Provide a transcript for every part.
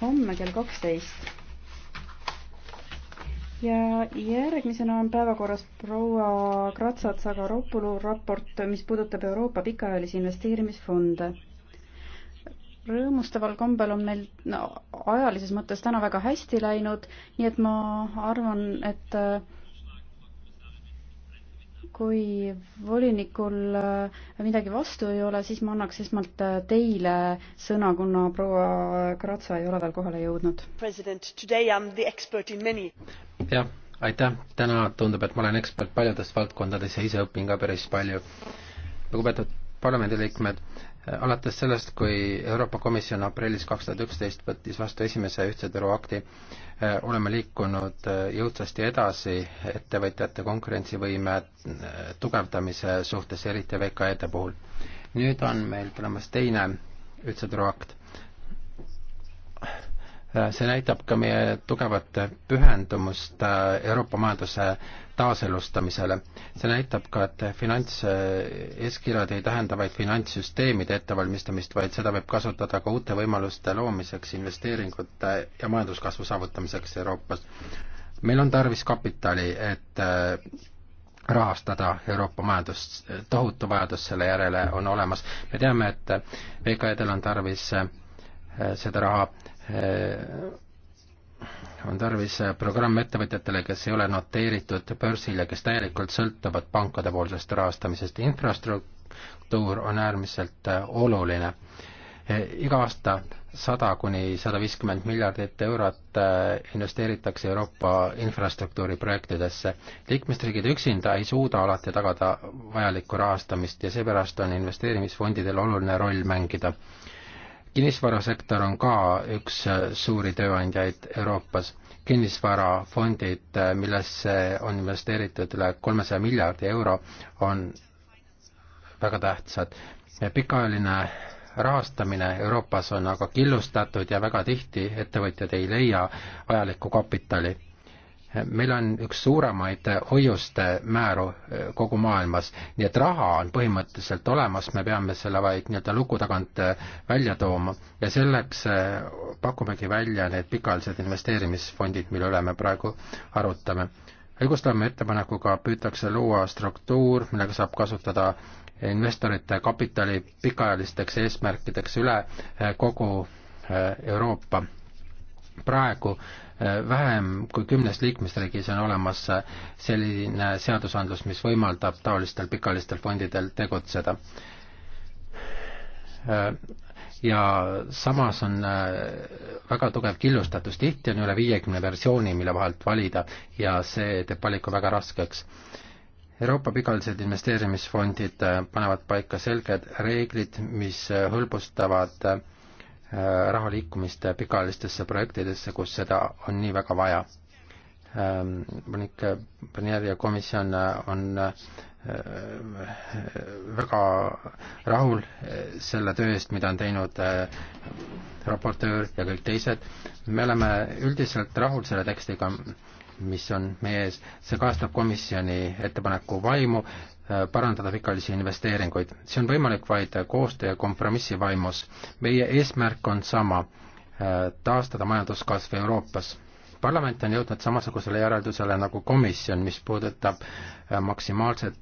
homme kell kaksteist. ja järgmisena on päevakorras proua Kratsat-Sagaropulu raport, mis puudutab Euroopa pikaajalisi investeerimisfonde. rõõmustaval kombel on meil no, ajalises mõttes täna väga hästi läinud, nii et ma arvan, et kui volinikul äh, midagi vastu ei ole, siis ma annaks esmalt äh, teile sõna, kuna proua Kratsa ei ole veel kohale jõudnud. jah, aitäh, täna tundub, et ma olen ekspert paljudes valdkondades ja ise õpin ka päris palju. lugupeetud parlamendiliikmed, Äh, alates sellest, kui Euroopa Komisjon aprillis kaks tuhat üksteist võttis vastu esimese ühtse turuakti, äh, oleme liikunud äh, jõudsasti edasi ettevõtjate konkurentsivõime tugevdamise suhtes, eriti VKE-de puhul. nüüd on meil tulemas teine ühtse turuakt Äh, see näitab ka meie tugevat pühendumust äh, Euroopa majanduse taaselustamisele. see näitab ka, et finantseeskirjad äh, ei tähenda vaid finantssüsteemide ettevalmistamist, vaid seda võib kasutada ka uute võimaluste loomiseks, investeeringute ja majanduskasvu saavutamiseks Euroopas. meil on tarvis kapitali, et rahastada Euroopa majandust, tohutu vajadus selle järele on olemas. me teame, et VKE-del on tarvis seda raha Äh, on tarvis äh, programm ettevõtjatele, kes ei ole noteeritud börsil ja kes täielikult sõltuvad pankade poolsest rahastamisest. infrastruktuur on äärmiselt äh, oluline. iga aasta sada kuni sada viiskümmend miljardit eurot investeeritakse Euroopa infrastruktuuriprojektidesse. liikmesriigid üksinda ei suuda alati tagada vajalikku rahastamist ja seepärast on investeerimisfondidel oluline roll mängida kinnisvarasektor on ka üks äh, suuri tööandjaid Euroopas. kinnisvarafondid, äh, millesse on investeeritud üle kolmesaja miljardi euro, on väga tähtsad. pikaajaline rahastamine Euroopas on aga killustatud ja väga tihti ettevõtjad ei leia vajalikku kapitali meil on üks suuremaid hoiuste määru eh, kogu maailmas, nii et raha on põhimõtteliselt olemas, me peame selle vaid nii-öelda luku tagant eh, välja tooma ja selleks eh, pakumegi välja need pikaajalised investeerimisfondid, mille üle me praegu arutame. õigusloome ettepanekuga püütakse luua struktuur, millega saab kasutada investorite kapitali pikaajalisteks eesmärkideks üle kogu Euroopa. praegu äh, vähem kui kümnes liikmesriigis on olemas selline seadusandlus, mis võimaldab taolistel pikalistel fondidel tegutseda. ja samas on äh, väga tugev killustatus, tihti on üle viiekümne versiooni, mille vahelt valida ja see teeb valiku väga raskeks Euroopa pikaajalised investeerimisfondid äh, panevad paika selged reeglid, mis äh, hõlbustavad äh, Äh, raha liikumist pikaajalistesse projektidesse, kus seda on nii väga vaja. Ähm, Monique Bernier ja komisjon äh, on äh, väga rahul selle töö eest, mida on teinud raportöör ja kõik teised. me oleme üldiselt rahul selle tekstiga, mis on meie ees, see kajastab komisjoni ettepaneku vaimu Äh, parandada pikaajalisi investeeringuid. see on võimalik vaid koostöö ja kompromissi vaimus. meie eesmärk on sama, äh, taastada majanduskasv Euroopas. parlament on jõudnud samasugusele järeldusele nagu komisjon, mis puudutab äh, maksimaalset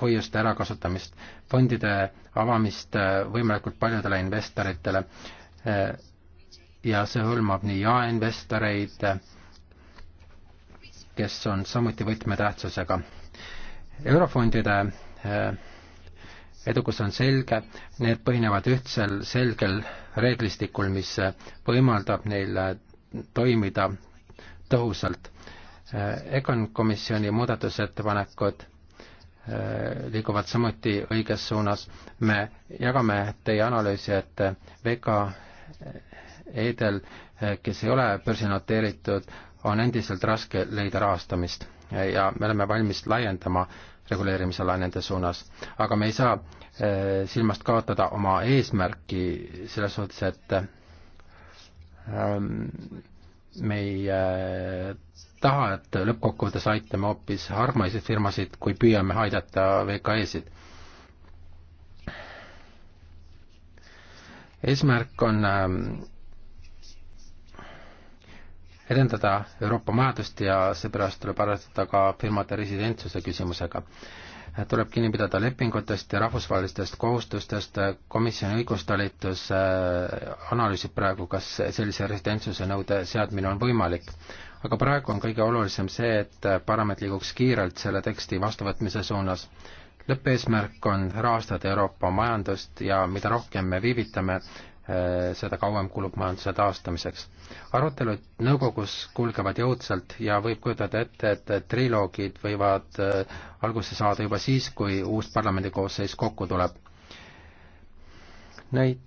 hoiuste ärakasutamist, fondide avamist võimalikult paljudele investoritele ja see hõlmab nii jaeinvestoreid, kes on samuti võtmetähtsusega eurofondide äh, edukus on selge, need põhinevad ühtsel selgel reeglistikul, mis äh, võimaldab neil äh, toimida tõhusalt. EGON komisjoni muudatusettepanekud liiguvad samuti õiges suunas. me jagame teie analüüsi, et VKE-del, kes ei ole börsinoteeritud, on endiselt raske leida rahastamist ja me oleme valmis laiendama reguleerimisala nende suunas. aga me ei saa eh, silmast kaotada oma eesmärki selles suhtes, et ähm, me ei eh, taha, et lõppkokkuvõttes aitame hoopis harmaiseid firmasid, kui püüame aidata VKE-sid. eesmärk on ähm, edendada Euroopa majandust ja seepärast tuleb arvestada ka firmade residentsuse küsimusega. tuleb kinni pidada lepingutest ja rahvusvahelistest kohustustest, komisjoni õigustalitus äh, analüüsib praegu, kas sellise residentsuse nõude seadmine on võimalik. aga praegu on kõige olulisem see, et parlament liiguks kiirelt selle teksti vastuvõtmise suunas lõppeesmärk on rahastada Euroopa majandust ja mida rohkem me viivitame, Äh, seda kauem kulub majanduse taastamiseks. arutelud nõukogus kulgevad jõudsalt ja võib kujutada ette, et triloogid võivad äh, alguse saada juba siis, kui uus parlamendikoosseis kokku tuleb. Neid,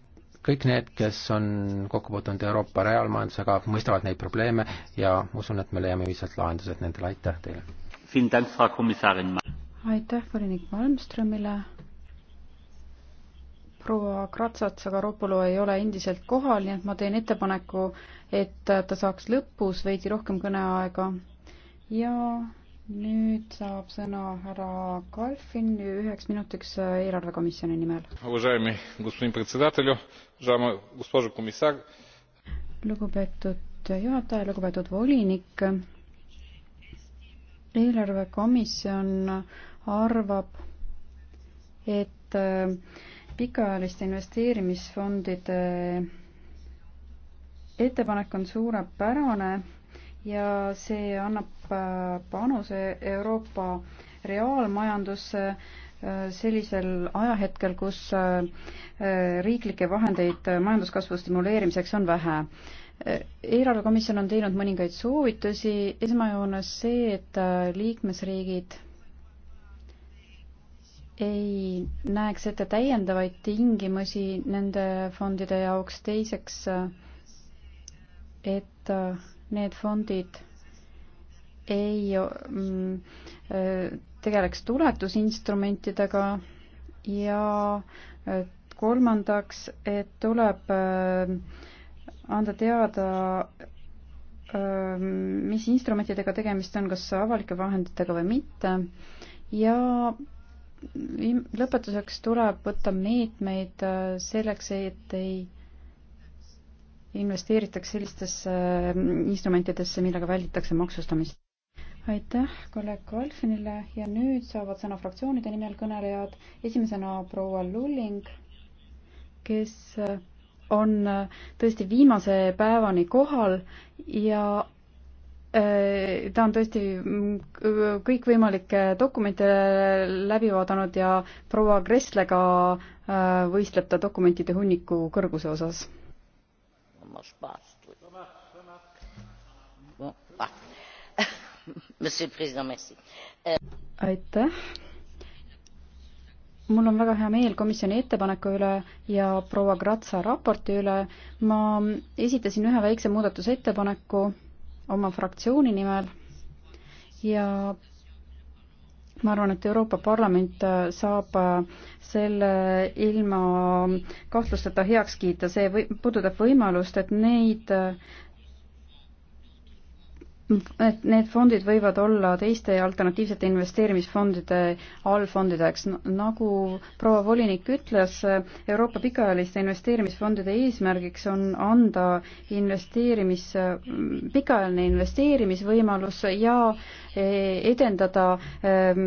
kõik need, kes on kokku puutunud Euroopa reaalmajandusega, mõistavad neid probleeme ja ma usun, et me leiame ühiselt lahendused nendele, aitäh teile! aitäh volinik Malmströmile! proua Kratsat Sagaropolu ei ole endiselt kohal, nii et ma teen ettepaneku, et ta saaks lõpus veidi rohkem kõneaega. ja nüüd saab sõna härra Kalfin üheks minutiks eelarvekomisjoni nimel. lugupeetud juhataja, lugupeetud volinik, eelarvekomisjon arvab, et äh, pikaajaliste investeerimisfondide ettepanek on suurepärane ja see annab äh, panuse Euroopa reaalmajandusse äh, sellisel ajahetkel, kus äh, riiklikke vahendeid majanduskasvu stimuleerimiseks on vähe. eelarvekomisjon on teinud mõningaid soovitusi, esmajoones see, et liikmesriigid ei näeks ette täiendavaid tingimusi nende fondide jaoks, teiseks, et äh, need fondid ei mm, tegeleks tuletusinstrumentidega ja äh, kolmandaks, et tuleb äh, anda teada, mis instrumentidega tegemist on, kas avalike vahenditega või mitte ja lõpetuseks tuleb võtta meetmeid äh, selleks, et ei investeeritaks sellistesse äh, instrumentidesse, millega välditakse maksustamist. aitäh kolleeg Kalfinile ja nüüd saavad sõna fraktsioonide nimel kõnelejad. esimesena proua Lulling, kes äh, on tõesti viimase päevani kohal ja Äh, ta on tõesti mm, kõikvõimalikke dokumente läbi vaadanud ja proua Kresslega äh, võistleb ta dokumentide hunniku kõrguse osas. aitäh. mul on väga hea meel komisjoni ettepaneku üle ja proua Gratsa raporti üle. ma esitasin ühe väikse muudatusettepaneku oma fraktsiooni nimel ja ma arvan, et Euroopa Parlament äh, saab äh, selle ilma kahtlusteta heaks kiita, see või, puudutab võimalust, et neid äh, et need fondid võivad olla teiste alternatiivsete investeerimisfondide allfondideks. nagu proua volinik ütles, Euroopa pikaajaliste investeerimisfondide eesmärgiks on anda investeerimis, pikaajaline investeerimisvõimalus ja e, edendada ehm,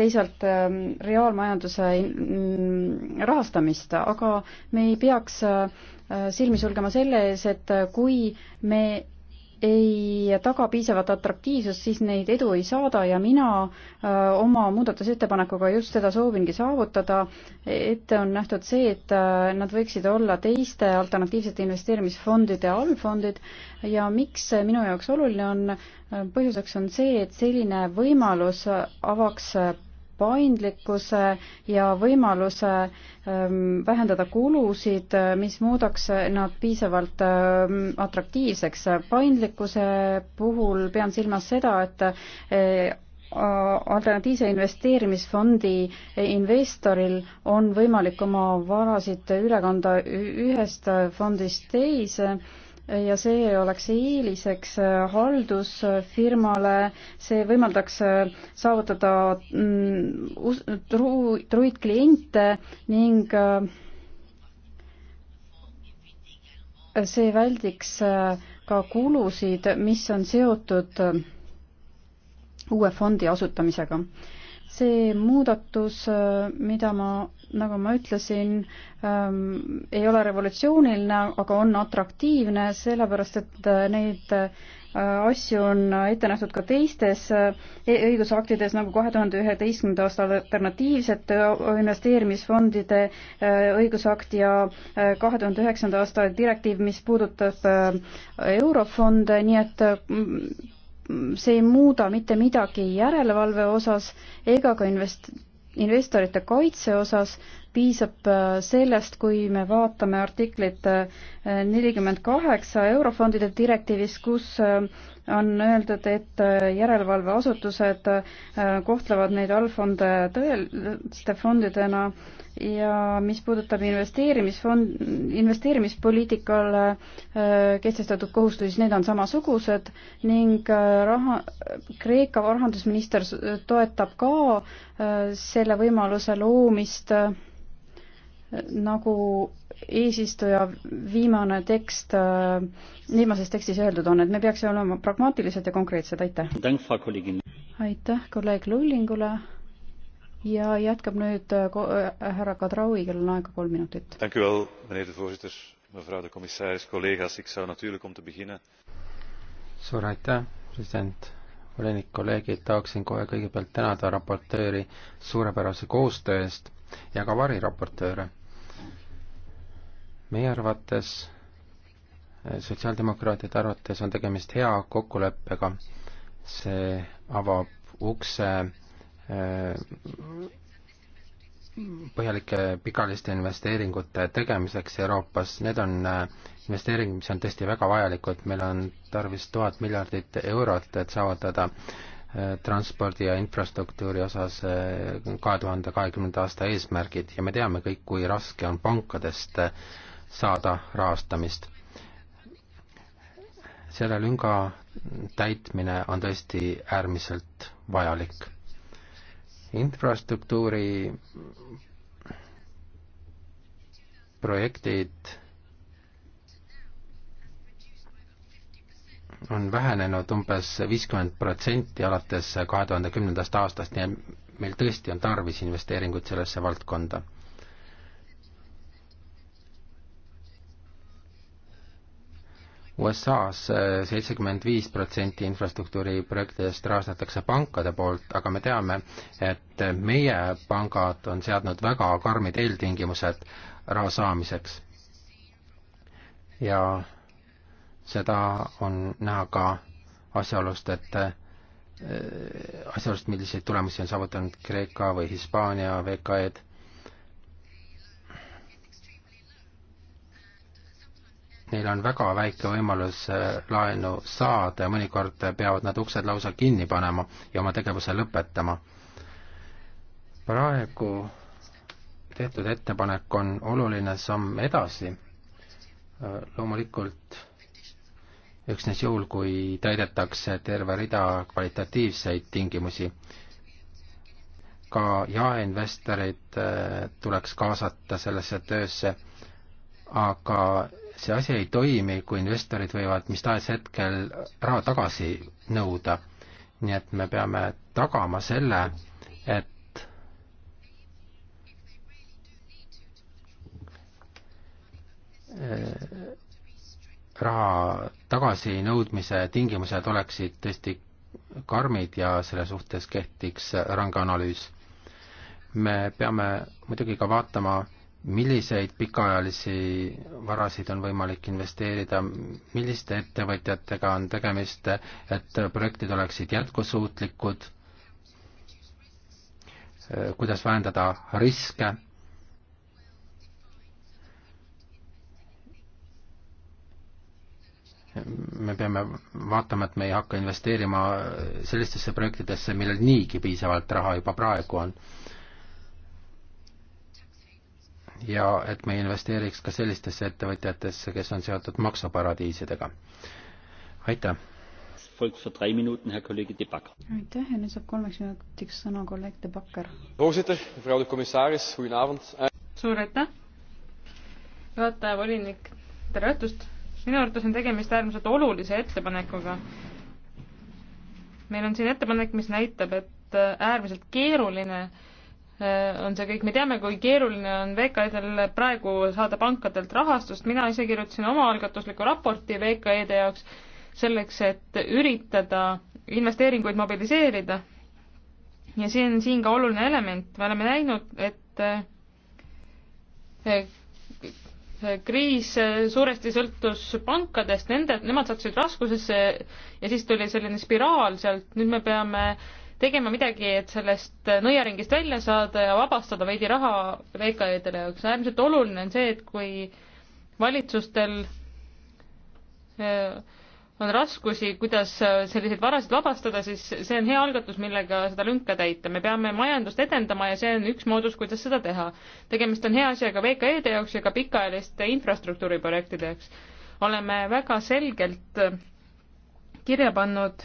teisalt ehm, reaalmajanduse mm, rahastamist, aga me ei peaks ehm, silmi sulgema selle ees, et kui me ei taga piisavat atraktiivsust, siis neid edu ei saada ja mina öö, äh, oma muudatusettepanekuga just seda soovingi saavutada. ette on nähtud see, et öö, äh, nad võiksid olla teiste alternatiivsete investeerimisfondide allfondid ja miks minu jaoks oluline on, äh, põhjuseks on see, et selline võimalus avaks paindlikkuse ja võimaluse ähm, vähendada kulusid, äh, mis muudaks nad piisavalt ähm, atraktiivseks. paindlikkuse puhul pean silmas seda, et äh, alternatiivse investeerimisfondi investoril on võimalik oma varasid üle kanda ühest fondist teise ja see oleks eeliseks äh, haldusfirmale, see võimaldaks äh, saavutada mm, truid, truid kliente ning äh, see väldiks ka kulusid, mis on seotud uue fondi asutamisega see muudatus, mida ma, nagu ma ütlesin ähm,, ei ole revolutsiooniline, aga on atraktiivne, sellepärast et äh, neid äh, asju on ette nähtud ka teistes äh, e-, õigusaktides nagu kahe tuhande üheteistkümnenda aasta alternatiivsete äh, investeerimisfondide õigusakt ja kahe tuhande üheksanda aasta direktiiv, mis puudutab eurofonde, nii et see ei muuda mitte midagi järelevalve osas ega ka invest-, investorite kaitse osas, piisab äh, sellest, kui me vaatame artiklit äh, nelikümmend kaheksa Eurofondide direktiivis, kus äh, on öeldud, et äh, järelevalveasutused äh, kohtlevad neid allfonde tõeliste fondidena ja mis puudutab investeerimisfond, investeerimispoliitikale äh, kehtestatud kohustusi, siis need on samasugused ning raha, Kreeka rahandusminister toetab ka selle võimaluse loomist nagu eesistuja viimane tekst, äh, viimases tekstis öeldud on, et me peaksime olema pragmaatilised ja konkreetsed, aitäh! aitäh kolleeg Lullingule ja jätkab nüüd äh, äh, härra Kadraui, kellel on aega kolm minutit. suur aitäh, president, volinik, kolleegid, tahaksin kohe kõigepealt tänada raportööri suurepärase koostöö eest ja ka variraportööre meie arvates, eh, sotsiaaldemokraatide arvates on tegemist hea kokkuleppega, see avab ukse eh, põhjalike pikaajaliste investeeringute tegemiseks Euroopas, need on eh, investeeringud, mis on tõesti väga vajalikud, meil on tarvis tuhat miljardit eurot, et saavutada transpordi ja infrastruktuuri osas kahe tuhande kahekümnenda aasta eesmärgid ja me teame kõik, kui raske on pankadest saada rahastamist. selle lünga täitmine on tõesti äärmiselt vajalik. infrastruktuuri projektid on vähenenud umbes viiskümmend protsenti alates kahe tuhande kümnendast aastast, nii et meil tõesti on tarvis investeeringuid sellesse valdkonda. USA-s eh, seitsekümmend viis protsenti infrastruktuuriprojektidest rahastatakse pankade poolt, aga me teame, et meie pangad on seadnud väga karmid eeltingimused raha saamiseks. ja seda on näha ka asjaolust, et eh, asjaolust, milliseid tulemusi on saavutanud Kreeka või Hispaania VKE-d neil on väga väike võimalus äh, laenu saada ja mõnikord peavad nad uksed lausa kinni panema ja oma tegevuse lõpetama. praegu tehtud ettepanek on oluline samm edasi, äh, loomulikult üksnes juhul, kui täidetakse terve rida kvalitatiivseid tingimusi. ka jaeinvestorid äh, tuleks kaasata sellesse töösse, aga see asi ei toimi, kui investorid võivad mis tahes hetkel raha tagasi nõuda. nii et me peame tagama selle, et raha tagasinõudmise tingimused oleksid tõesti karmid ja selle suhtes kehtiks range analüüs. me peame muidugi ka vaatama milliseid pikaajalisi varasid on võimalik investeerida, milliste ettevõtjatega on tegemist, et projektid oleksid jätkusuutlikud, kuidas vähendada riske me peame vaatama, et me ei hakka investeerima sellistesse projektidesse, millel niigi piisavalt raha juba praegu on ja et me investeeriks ka sellistesse ettevõtjatesse, kes on seotud maksuparadiisidega. aitäh! aitäh ja nüüd saab kolmeks minutiks sõna kolleeg De Backer. suur aitäh! juhataja, volinik, tere õhtust! minu arvates on tegemist äärmiselt olulise ettepanekuga. meil on siin ettepanek, mis näitab, et äärmiselt keeruline äh, Äh, on see kõik, me teame, kui keeruline on VKE-del praegu saada pankadelt rahastust, mina ise kirjutasin omaalgatusliku raporti VKE-de jaoks selleks, et üritada investeeringuid mobiliseerida. ja see on siin ka oluline element, me oleme näinud, et äh, kriis suuresti sõltus pankadest, nende, nemad sattusid raskusesse ja siis tuli selline spiraal sealt, nüüd me peame äh, tegema midagi, et sellest nõiaringist välja saada ja vabastada veidi raha VKE-dele jaoks. äärmiselt oluline on see, et kui valitsustel eh, on raskusi, kuidas eh, selliseid varasid vabastada, siis see on hea algatus, millega seda lünka täita. me peame majandust edendama ja see on üks moodus, kuidas seda teha. tegemist on hea asjaga VKE-de jaoks ja ka pikaajaliste infrastruktuuriprojektide jaoks. oleme väga selgelt eh, kirja pannud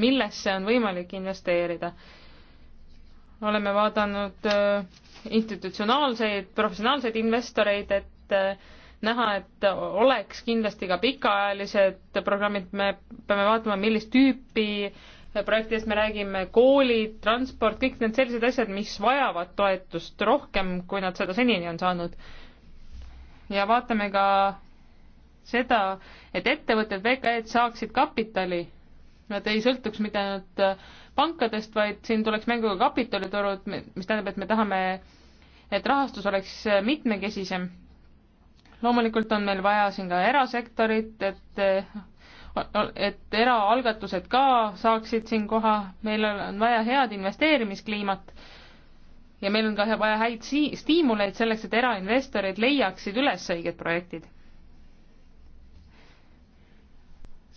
millesse on võimalik investeerida. oleme vaadanud äh, institutsionaalseid, professionaalseid investoreid, et äh, näha, et oleks kindlasti ka pikaajalised programmid, me peame vaatama, millist tüüpi äh, projektidest me räägime, koolid, transport, kõik need sellised asjad, mis vajavad toetust rohkem, kui nad seda senini on saanud. ja vaatame ka seda, et ettevõtted, VKE-d saaksid kapitali Nad ei sõltuks mitte ainult äh, pankadest, vaid siin tuleks mängu ka kapitaliturud, mis tähendab, et me tahame, et rahastus oleks äh, mitmekesisem. loomulikult on meil vaja siin ka erasektorit, et äh, et eraalgatused ka saaksid siin koha, meil on vaja head investeerimiskliimat ja meil on ka vaja häid si-, stiimuleid selleks, et erainvestorid leiaksid üles õiged projektid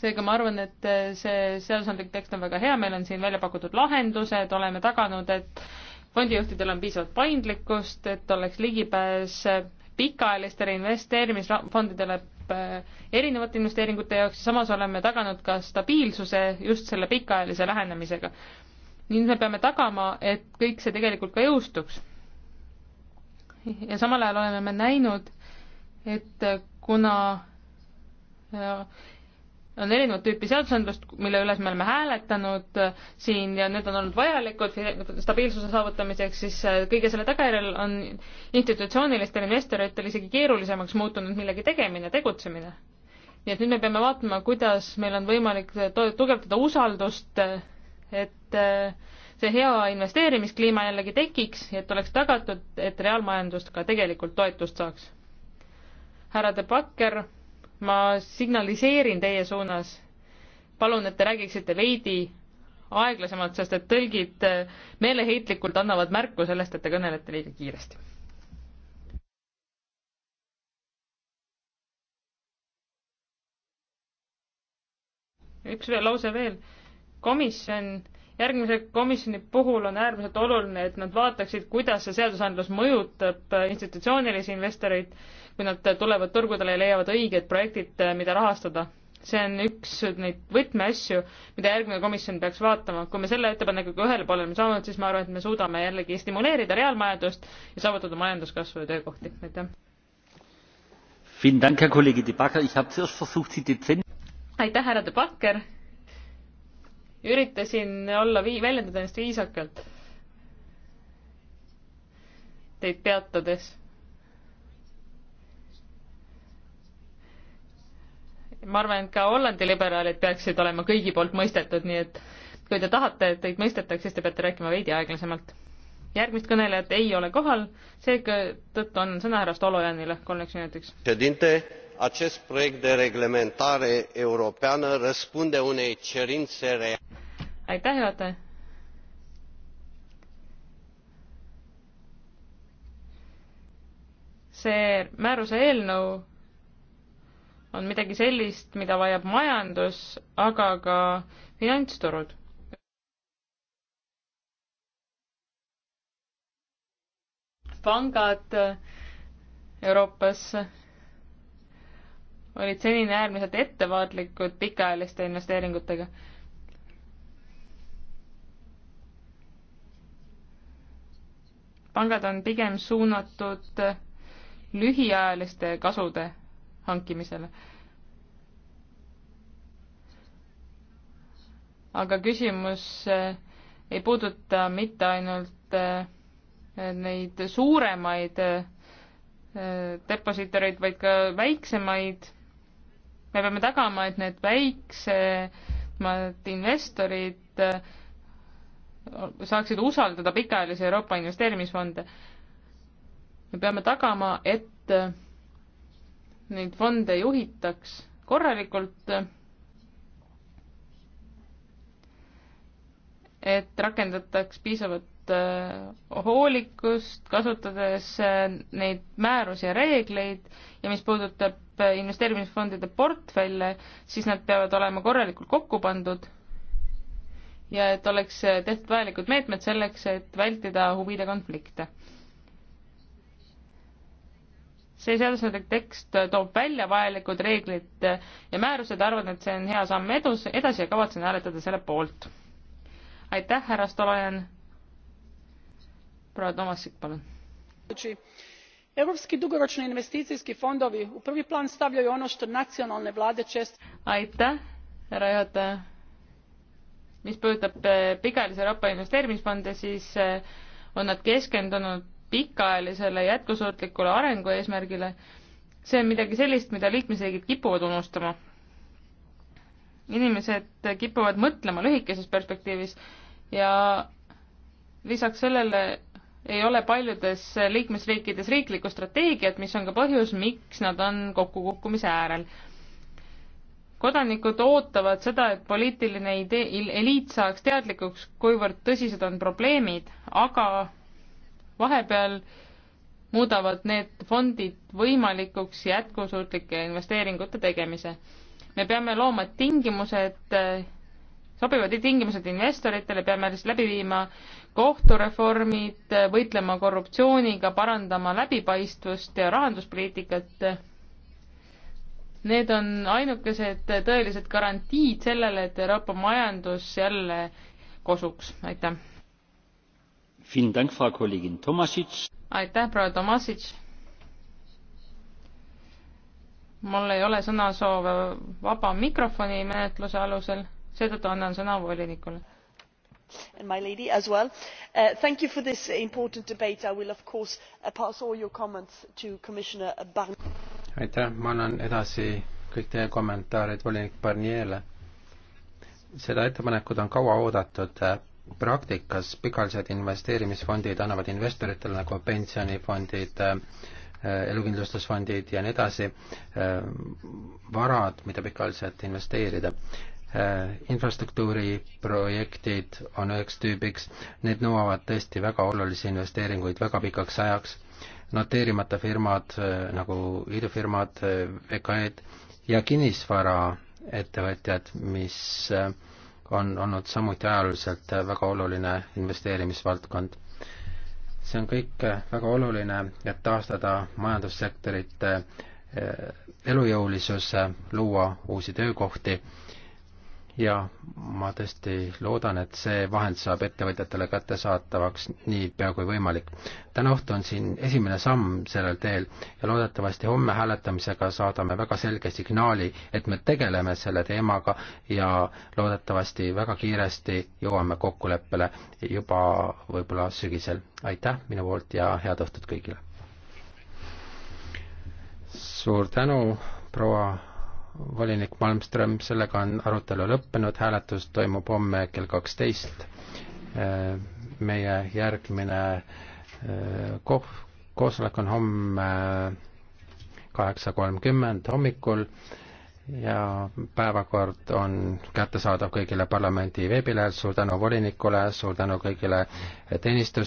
seega ma arvan, et äh, see seadusandlik tekst on väga hea, meil on siin välja pakutud lahendused, oleme taganud, et fondijuhtidel on piisavalt paindlikkust, et oleks ligipääs äh, pikaajalistele investeerimisfondidele äh, erinevate investeeringute jaoks ja samas oleme taganud ka stabiilsuse just selle pikaajalise lähenemisega. nii me peame tagama, et kõik see tegelikult ka jõustuks. ja samal ajal oleme me näinud, et kuna on erinevat tüüpi seadusandlust, mille üles me oleme hääletanud äh, siin ja need on olnud vajalikud stabiilsuse saavutamiseks, siis äh, kõige selle tagajärjel on institutsioonilistel investoritel isegi keerulisemaks muutunud millegi tegemine, tegutsemine. nii et nüüd me peame vaatama, kuidas meil on võimalik tugevdada usaldust, äh, et see hea investeerimiskliima jällegi tekiks ja et oleks tagatud, et reaalmajandus ka tegelikult toetust saaks. härra De Backer ma signaliseerin teie suunas. palun, et te räägiksite veidi aeglasemalt, sest et tõlgid meeleheitlikult annavad märku sellest, et te kõnelete liiga kiiresti. üks lause veel. komisjon järgmise komisjoni puhul on äärmiselt oluline, et nad vaataksid, kuidas see seadusandlus mõjutab institutsioonilisi investoreid, kui nad tulevad turgudele ja leiavad õiged projektid, mida rahastada. see on üks neid võtmeasju, mida järgmine komisjon peaks vaatama. kui me selle ettepanekuga ühele poole oleme saanud, siis ma arvan, et me suudame jällegi stimuleerida reaalmajandust ja saavutada majanduskasvu ja töökohti. aitäh! aitäh, härra De Backer! üritasin olla vii-, väljendada ennast viisakalt. Teid peatades. ma arvan, et ka Hollandi liberaalid peaksid olema kõigi poolt mõistetud, nii et kui te tahate, et teid mõistetaks, siis te peate rääkima veidi aeglasemalt. järgmist kõnelejat ei ole kohal, seega tõttu annan sõna härra Stolojanile kolmeks minutiks acest proiect de reglementare europeană răspunde unei cerințe reale see määruse eelnõu on midagi sellist, mida vajab majandus, aga ka finantsturud. pangad Euroopas olid senini äärmiselt ettevaatlikud pikaajaliste investeeringutega. pangad on pigem suunatud lühiajaliste kasude hankimisele. aga küsimus eh, ei puuduta mitte ainult eh, neid suuremaid eh, depositoreid, vaid ka väiksemaid me peame tagama, et need väiksemad investorid äh, saaksid usaldada pikaajalisi Euroopa investeerimisfonde. me peame tagama, et äh, neid fonde juhitaks korralikult, et rakendataks piisavat äh, hoolikust, kasutades neid määrusi ja reegleid ja mis puudutab investeerimisfondide portfelle, siis nad peavad olema korralikult kokku pandud ja et oleks tehtud vajalikud meetmed selleks, et vältida huvide konflikte. see seaduslik tekst toob välja vajalikud reeglid ja määrused, arvan, et see on hea samm edus, edasi ja kavatsen hääletada selle poolt. aitäh, härra Stolojan. proua Tomasik, palun europski dugoroni investicijski fondovi u prvi plan stavljaju ono to nacionalne vlade esto. aitäh härra juhataja mis puudutab eh, pikaajalisi euroopa investeerimisfonde siis eh, on nad keskendunud pikaajalisele jätkusuutlikule arengu eesmärgile see on midagi sellist mida liikmesriigid kipuvad unustama inimesed kipuvad mõtlema lühikeses perspektiivis ja lisaks sellele ei ole paljudes liikmesriikides riiklikku strateegiat, mis on ka põhjus, miks nad on kokkukukkumise äärel. kodanikud ootavad seda, et poliitiline idee, eliit saaks teadlikuks, kuivõrd tõsised on probleemid, aga vahepeal muudavad need fondid võimalikuks jätkusuutlike investeeringute tegemise. me peame looma tingimused sobivad tingimused investoritele, peame läbi viima kohtureformid, võitlema korruptsiooniga, parandama läbipaistvust ja rahanduspoliitikat. Need on ainukesed tõelised garantiid sellele, et Euroopa majandus jälle kosuks, aitäh. aitäh, proua Tomasic. mul ei ole sõnasoove vaba mikrofoni menetluse alusel seetõttu annan sõna volinikule. And my lady as well. Uh, thank you for this important debate. I will of course uh, pass all your comments to Commissioner Barnier. aitäh, ma annan edasi kõik teie kommentaarid volinik Barnierile. seda ettepanekut on kaua oodatud praktikas pikaajalised investeerimisfondid annavad investoritele nagu pensionifondid, äh, elukindlustusfondid ja nii edasi, äh, varad, mida pikaajaliselt investeerida. Äh, infrastruktuuriprojektid on üheks tüübiks, need nõuavad tõesti väga olulisi investeeringuid väga pikaks ajaks, noteerimata firmad äh, nagu idufirmad, äh, VKE-d ja kinnisvaraettevõtjad, mis on olnud samuti ajalooliselt väga oluline investeerimisvaldkond. see on kõik väga oluline, et taastada majandussektorite elujõulisus, luua uusi töökohti ja ma tõesti loodan, et see vahend saab ettevõtjatele kättesaatavaks niipea kui võimalik. täna õhtu on siin esimene samm sellel teel ja loodetavasti homme hääletamisega saadame väga selge signaali, et me tegeleme selle teemaga ja loodetavasti väga kiiresti jõuame kokkuleppele juba võib-olla sügisel. aitäh minu poolt ja head õhtut kõigile! suur tänu, proua volinik Malmström, sellega on arutelu lõppenud, hääletus toimub homme kell kaksteist. meie järgmine eh, koh-, koosolek on homme eh, kaheksa kolmkümmend hommikul ja päevakord on kättesaadav kõigile parlamendi veebilehel, suur tänu volinikule, suur tänu kõigile teenistus-,